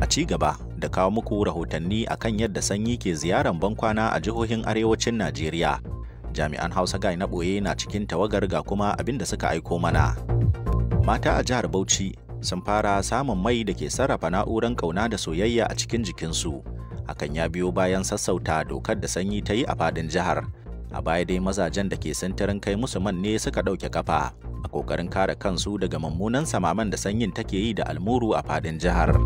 a ci gaba da kawo muku rahotanni akan yadda sanyi ke ziyaran bankwana a jihohin arewacin Najeriya. Jami'an Hausa Gai na ɓoye na cikin tawagar ga kuma abin da suka aiko mana. Mata a jihar Bauchi sun fara samun mai da ke sarrafa na'urar ƙauna da soyayya a cikin jikinsu. Hakan ya biyo bayan sassauta dokar da sanyi ta yi a fadin jihar. A baya dai mazajen da ke sintirin kai musu man ne suka ɗauke kafa. a ƙoƙarin kare kansu daga mummunan samaman da sanyin take yi da almuru a fadin jihar.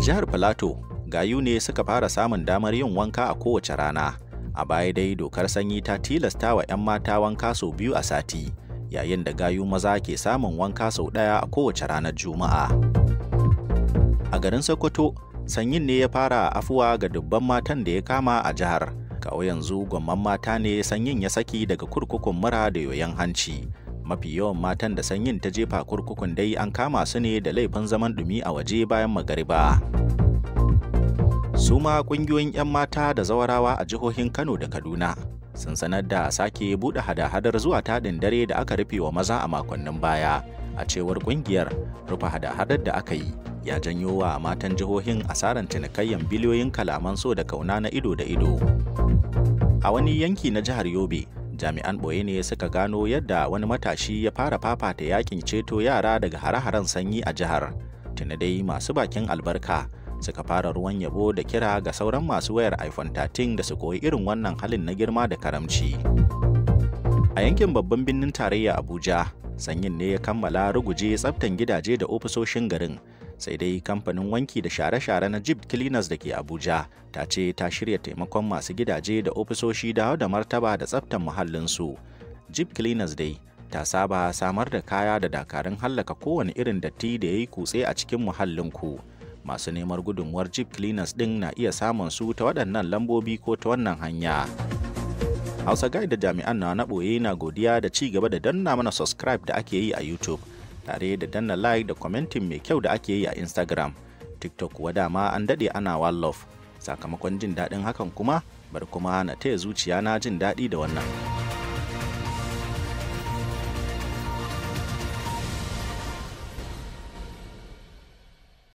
jihar Filato, gayu ne suka fara samun damar yin wanka a kowace rana. A baya dai dokar sanyi ta tilasta wa 'yan mata wanka sau biyu a sati, yayin da gayu maza ke samun wanka sau ɗaya a kowace ranar Juma'a. A garin Sokoto, sanyin ne ya fara afuwa ga dubban matan da ya kama a jihar. Kawo yanzu gwamman mata ne sanyin ya saki daga kurkukun mura da yoyon hanci. mafi yawan matan da sanyin ta jefa kurkukun dai an kama su ne da laifin zaman dumi a waje bayan magariba su ma kungiyoyin 'yan mata da zawarawa a jihohin kano da kaduna sun sanar da sake buɗe hada-hadar zuwa taɗin dare da aka rufe wa maza a makonnin baya a cewar kungiyar rufe hada-hadar da aka yi ya janyo wa matan jihohin asaran cinikayyan biliyoyin kalaman so da kauna na ido da ido a wani yanki na jihar yobe jami'an ɓoye ne suka gano yadda wani matashi ya fara fafata yakin ceto yara daga hare-haren sanyi a jihar tuni dai masu bakin albarka suka fara ruwan yabo da kira ga sauran masu wayar iphone 13 da su koyi irin wannan halin na girma da karamci a yankin babban birnin tarayya abuja sanyin ne ya kammala ruguje tsaftan gidaje da ofisoshin garin sai dai kamfanin wanki da share-share na jib cleaners da ke abuja ta ce ta shirya taimakon masu gidaje da ofisoshi da da martaba da tsaftan muhallinsu jib cleaners dai ta saba samar da kaya da dakarun hallaka kowane irin datti da ya yi kutse a cikin muhallinku masu neman gudunmuwar jib cleaners din na iya samun su ta waɗannan lambobi ko ta wannan hanya. Hausa Guide da jami'an na na ɓoye na godiya da ci gaba da danna mana subscribe da ake yi a YouTube. tare da danna like da commenting mai kyau da ake yi a Instagram. TikTok kuwa dama an dade ana wallof Sakamakon jin daɗin hakan kuma, bar kuma na taya zuciya na jin daɗi da wannan.